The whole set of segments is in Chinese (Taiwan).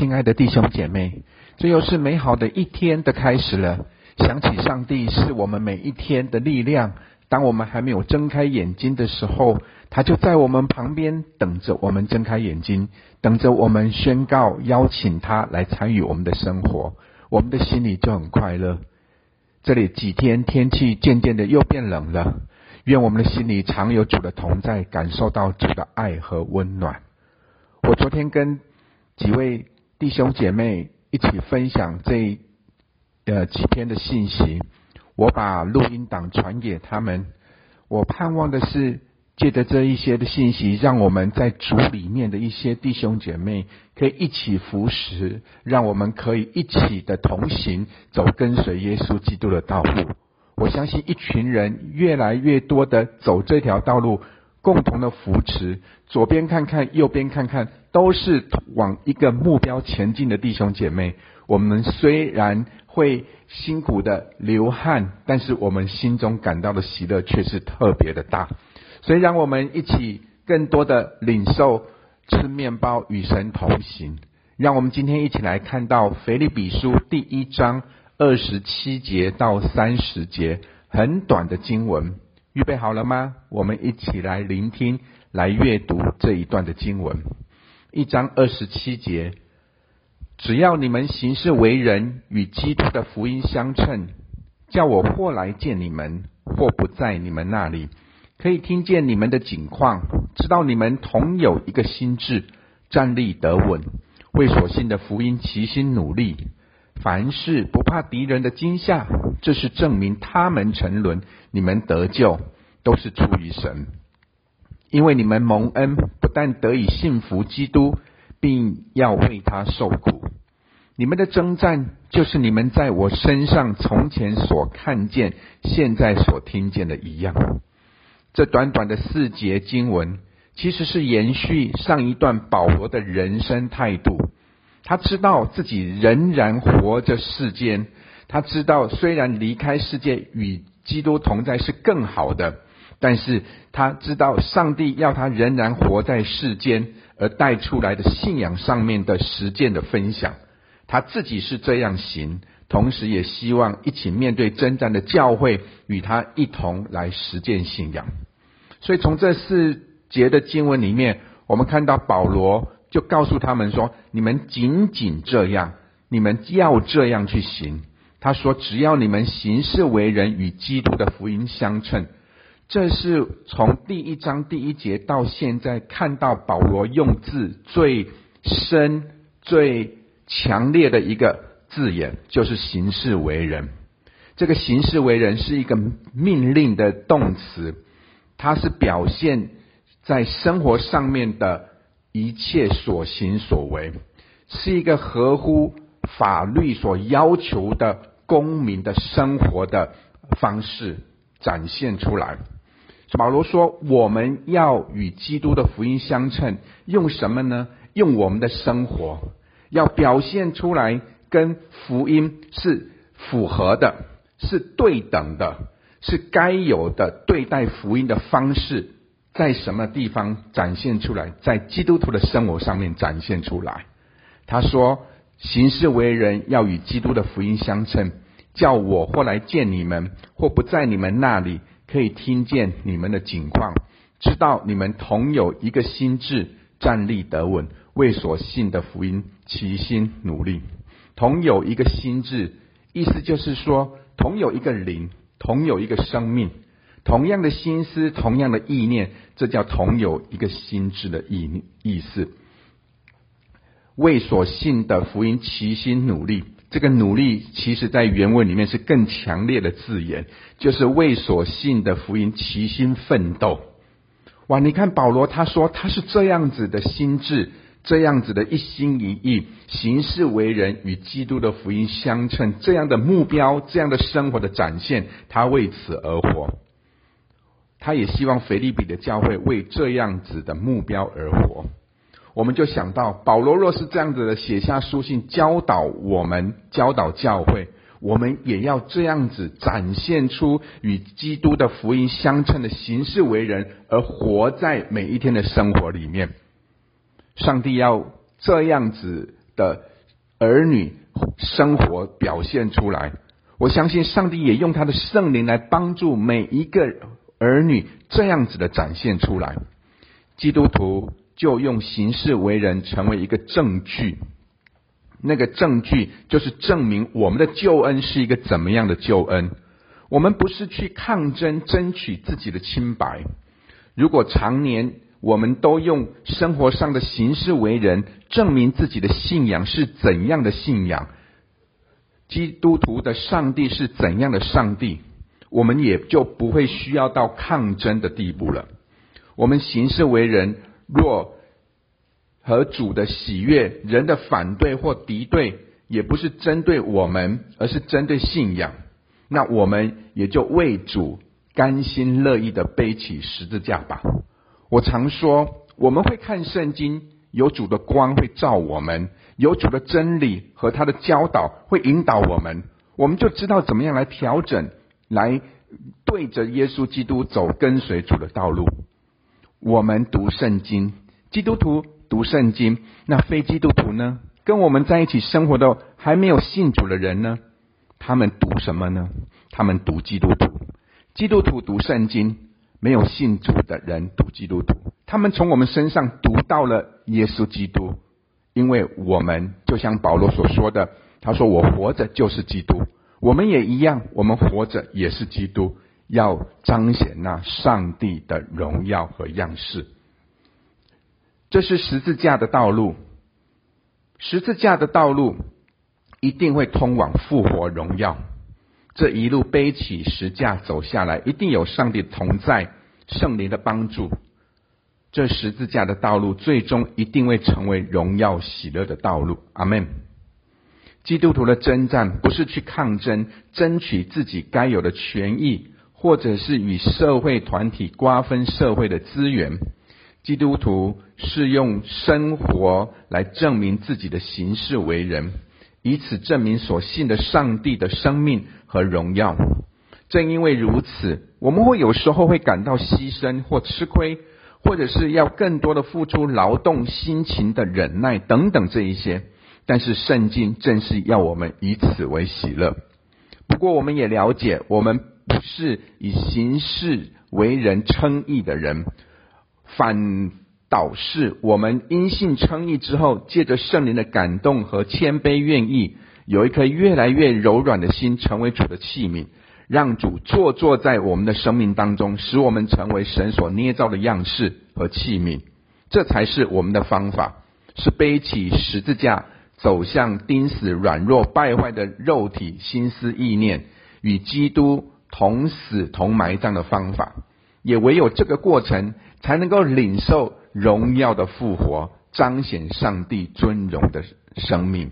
親愛的弟兄姐妹，這又是美好的一天的開始了。想起上帝是我們每一天的力量，當我們還沒有睜開眼睛的時候，他就在我們旁邊等着我們睜開眼睛，等着我們宣告邀請他來參與我們的生活，我們的心裡就很快樂。這裡幾天天氣漸漸的又變冷了，願我們的心裡常有主的同在，感受到主的愛和溫暖。我昨天跟幾位。弟兄姐妹一起分享這呃幾天的信息，我把錄音檔傳給他們。我盼望的是借着這一些的信息，讓我們在主裡面的一些弟兄姐妹可以一起扶持，讓我們可以一起的同行走，跟隨耶穌基督的道路。我相信一群人越來越多的走這條道路，共同的扶持，左邊看看，右邊看看。都是往一個目標前進的弟兄姐妹。我們雖然會辛苦的流汗，但是我們心中感到的喜樂卻是特別的大。所以，讓我們一起更多的領受吃麵包與神同行。讓我們今天一起來看到腓立比書第一章二十七節到三十節，很短的經文。預備好了嗎？我們一起來聆聽、來閱讀這一段的經文。一章二十七節，只要你們行事為人與基督的福音相稱，叫我或來見你們，或不在你們那裡，可以聽見你們的景況，知道你們同有一個心志，站立得穩，為所信的福音齊心努力，凡事不怕敵人的驚嚇，這是證明他們沉淪，你們得救都是出於神。因為你們蒙恩，不但得以信服基督，並要為他受苦。你們的征戰，就是你們在我身上從前所看見、現在所聽見的一樣。這短短的四節經文，其實是延續上一段保羅的人生態度。他知道自己仍然活着世間，他知道雖然離開世界與基督同在是更好的。但是他知道上帝要他仍然活在世間，而帶出來的信仰上面的實踐的分享，他自己是這樣行，同時也希望一起面對征戰的教會，與他一同來實踐信仰。所以從這四節的經文裡面，我們看到保羅就告訴他們說：“你們僅僅這樣，你們要這樣去行。”他說：“只要你們行事為人與基督的福音相稱。”這是從第一章第一節到現在看到保羅用字最深、最強烈的一個字眼，就是“行事為人”。這個“行事為人”是一個命令的動詞，它是表現在生活上面的一切所行所為，是一個合乎法律所要求的公民的生活的方式展現出來。保羅說：“我們要與基督的福音相稱，用什麼呢？用我們的生活，要表現出來，跟福音是符合的，是對等的，是該有的對待福音的方式，在什麼地方展現出來，在基督徒的生活上面展現出來。”他說：“行事為人要與基督的福音相稱，叫我或來見你們，或不在你們那裡。”可以聽見你們的景況，知道你們同有一個心志，站立得穩，為所信的福音齊心努力。同有一個心志，意思就是說，同有一個靈，同有一個生命，同樣的心思，同樣的意念，這叫同有一個心志的意意思。為所信的福音齊心努力。這個努力，其實在原文裡面是更強烈的字眼，就是為所信的福音齊心奮鬥。哇！你看保羅他說他是這樣子的心志，這樣子的一心一意，行事為人與基督的福音相稱，這樣的目標，這樣的生活的展現，他為此而活。他也希望腓利比的教會為這樣子的目標而活。我們就想到，保羅若是這樣子的寫下書信教導我們，教導教會，我們也要這樣子展現出與基督的福音相稱的行事為人，而活在每一天的生活裡面。上帝要這樣子的兒女生活表現出來，我相信上帝也用他的聖靈來幫助每一個兒女這樣子的展現出來，基督徒，就用行事為人成為一個證據，那個證據就是證明我們的救恩是一個怎麼樣的救恩。我們不是去抗爭、爭取自己的清白。如果常年我們都用生活上的行事為人證明自己的信仰是怎樣的信仰，基督徒的上帝是怎樣的上帝，我們也就不會需要到抗爭的地步了。我們行事為人。若和主的喜悅，人的反對或敵對，也不是針對我們，而是針對信仰，那我們也就為主甘心樂意地背起十字架吧。我常說，我們會看聖經，有主的光會照我們，有主的真理和他的教導會引導我們，我們就知道怎麼樣來調整，來對着耶穌基督走跟隨主的道路。我們讀聖經，基督徒讀聖經。那非基督徒呢？跟我們在一起生活的還沒有信主的人呢？他們讀什麼呢？他們讀基督徒。基督徒讀聖經，沒有信主的人讀基督徒。他們從我們身上讀到了耶穌基督，因為我們就像保羅所說的，他說我活着就是基督，我們也一樣，我們活着也是基督。要彰顯那上帝的榮耀和樣式，這是十字架的道路。十字架的道路一定會通往復活榮耀。這一路背起十架走下來，一定有上帝同在，聖靈的幫助。這十字架的道路，最終一定會成為榮耀喜樂的道路。阿門。基督徒的征戰，不是去抗爭，爭取自己該有的權益。或者是與社會團體瓜分社會的資源，基督徒是用生活來證明自己的行事為人，以此證明所信的上帝的生命和榮耀。正因為如此，我們會有時候會感到犧牲或吃虧，或者是要更多的付出勞動、辛勤的忍耐等等這一些。但是聖經正是要我們以此為喜樂。不過我們也了解，我們。是以行事為人稱義的人，反倒是我們因信稱義之後，借着聖靈的感動和謙卑，願意有一顆越來越柔軟的心，成為主的器皿，讓主坐坐在我們的生命當中，使我們成為神所捏造的樣式和器皿。這才是我們的方法，是背起十字架，走向釘死軟弱敗壞的肉體心思意念與基督，同死同埋葬的方法，也唯有這個過程才能夠領受榮耀的復活，彰顯上帝尊榮的生命；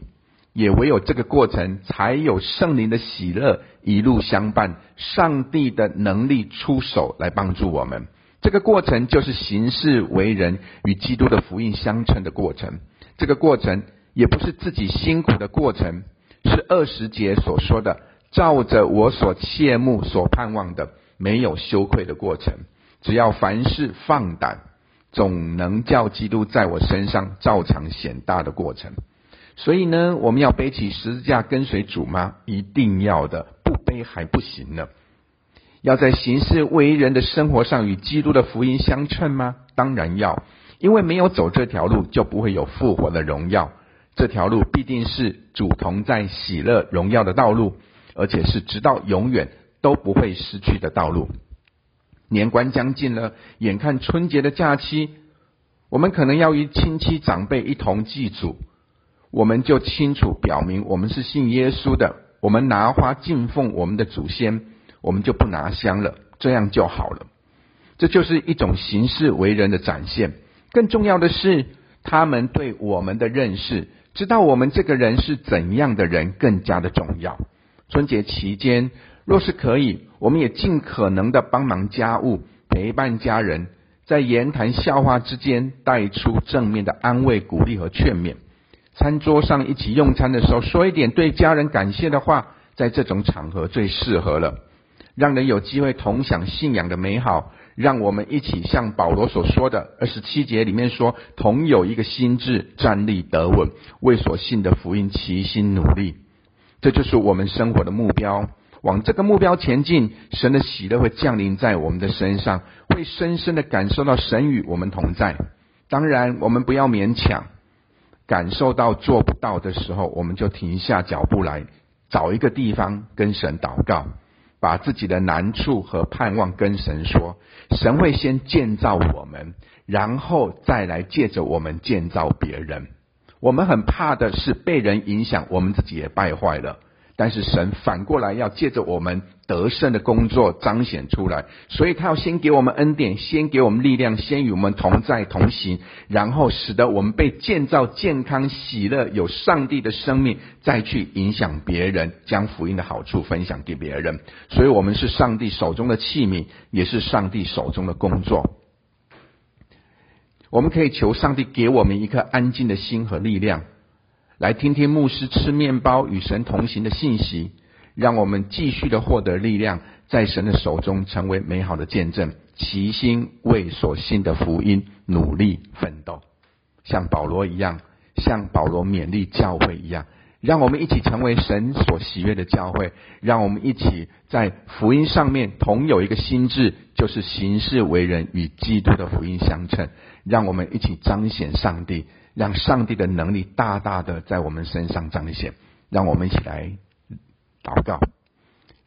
也唯有這個過程，才有聖靈的喜樂一路相伴，上帝的能力出手來幫助我們。這個過程就是行事為人與基督的福音相稱的過程。這個過程也不是自己辛苦的過程，是二十節所說的。照着我所切慕、所盼望的，沒有羞愧的過程；只要凡事放膽，總能叫基督在我身上照常顯大的過程。所以呢，我們要背起十字架跟隨主嗎？一定要的，不背還不行呢。要在行事為人的生活上與基督的福音相稱嗎？當然要，因為沒有走這條路，就不會有復活的榮耀。這條路必定是主同在喜樂榮耀的道路。而且是直到永遠都不會失去的道路。年關將近了，眼看春節的假期，我們可能要與親戚長輩一同祭祖，我們就清楚表明我們是信耶穌的。我們拿花敬奉我們的祖先，我們就不拿香了，這樣就好了。這就是一種行事為人的展現。更重要的是，他們對我們的認識，知道我們這個人是怎樣的人，更加的重要。春節期間，若是可以，我們也盡可能的幫忙家務，陪伴家人，在言談笑話之間帶出正面的安慰、鼓勵和勸勉。餐桌上一起用餐的時候，說一點對家人感謝的話，在這種場合最適合了，讓人有機會同享信仰的美好。讓我們一起像保羅所說的二十七節裡面說：“同有一個心智，站立得穩，為所信的福音齊心努力。”這就是我們生活的目標，往這個目標前進，神的喜樂會降臨在我們的身上，會深深的感受到神與我們同在。當然，我們不要勉強，感受到做不到的時候，我們就停下腳步來，找一個地方跟神禱告，把自己的難處和盼望跟神說，神會先建造我們，然後再來借着我們建造別人。我們很怕的是被人影響，我們自己也敗壞了。但是神反過來要借着我們得勝的工作彰顯出來，所以他要先給我們恩典，先給我們力量，先與我們同在同行，然後使得我們被建造健康、喜樂、有上帝的生命，再去影響別人，將福音的好處分享給別人。所以，我們是上帝手中的器皿，也是上帝手中的工作。我們可以求上帝給我們一顆安靜的心和力量，來聽聽牧師吃麵包與神同行的信息，讓我們繼續地獲得力量，在神的手中成為美好的見證，齊心為所信的福音努力奮鬥，像保羅一樣，像保羅勉勵教會一樣。讓我們一起成為神所喜悅的教會。讓我們一起在福音上面同有一個心智，就是行事為人與基督的福音相稱。讓我們一起彰顯上帝，讓上帝的能力大大的在我們身上彰顯。讓我們一起來禱告。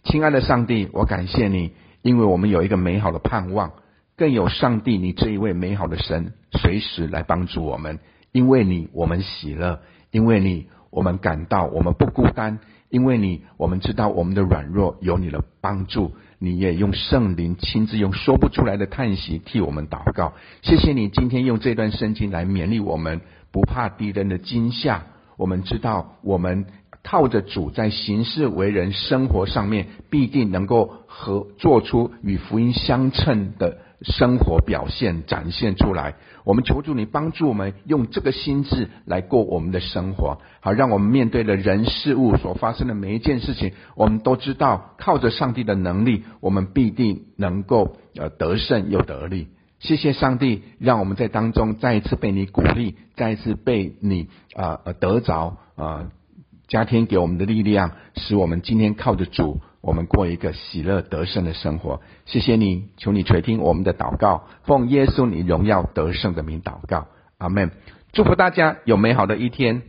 親愛的上帝，我感謝你，因為我們有一個美好的盼望，更有上帝你這一位美好的神隨時來幫助我們。因為你，我們喜樂，因為你。我們感到我們不孤單，因為你，我們知道我們的軟弱有你的幫助，你也用聖靈親自用說不出來的嘆息替我們禱告。謝謝你今天用這段聖經來勉勵我們，不怕敵人的驚嚇。我們知道我們靠着主在行事為人、生活上面必定能夠和做出與福音相稱的。生活表現展現出來，我們求助你幫助我們用這個心智來過我們的生活，好讓我們面對了人事物所發生的每一件事情，我們都知道靠着上帝的能力，我們必定能夠呃得勝又得力。謝謝上帝，讓我們在當中再一次被你鼓勵，再一次被你啊呃得着啊加添給我們的力量，使我們今天靠着主，我們過一個喜樂得勝的生活，謝謝你，求你垂聽我們的禱告，奉耶穌你榮耀得勝的名禱告，阿們。祝福大家有美好的一天。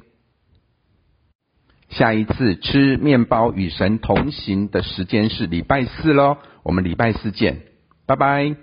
下一次吃面包與神同行的時間是禮拜四嘍，我們禮拜四見，拜拜。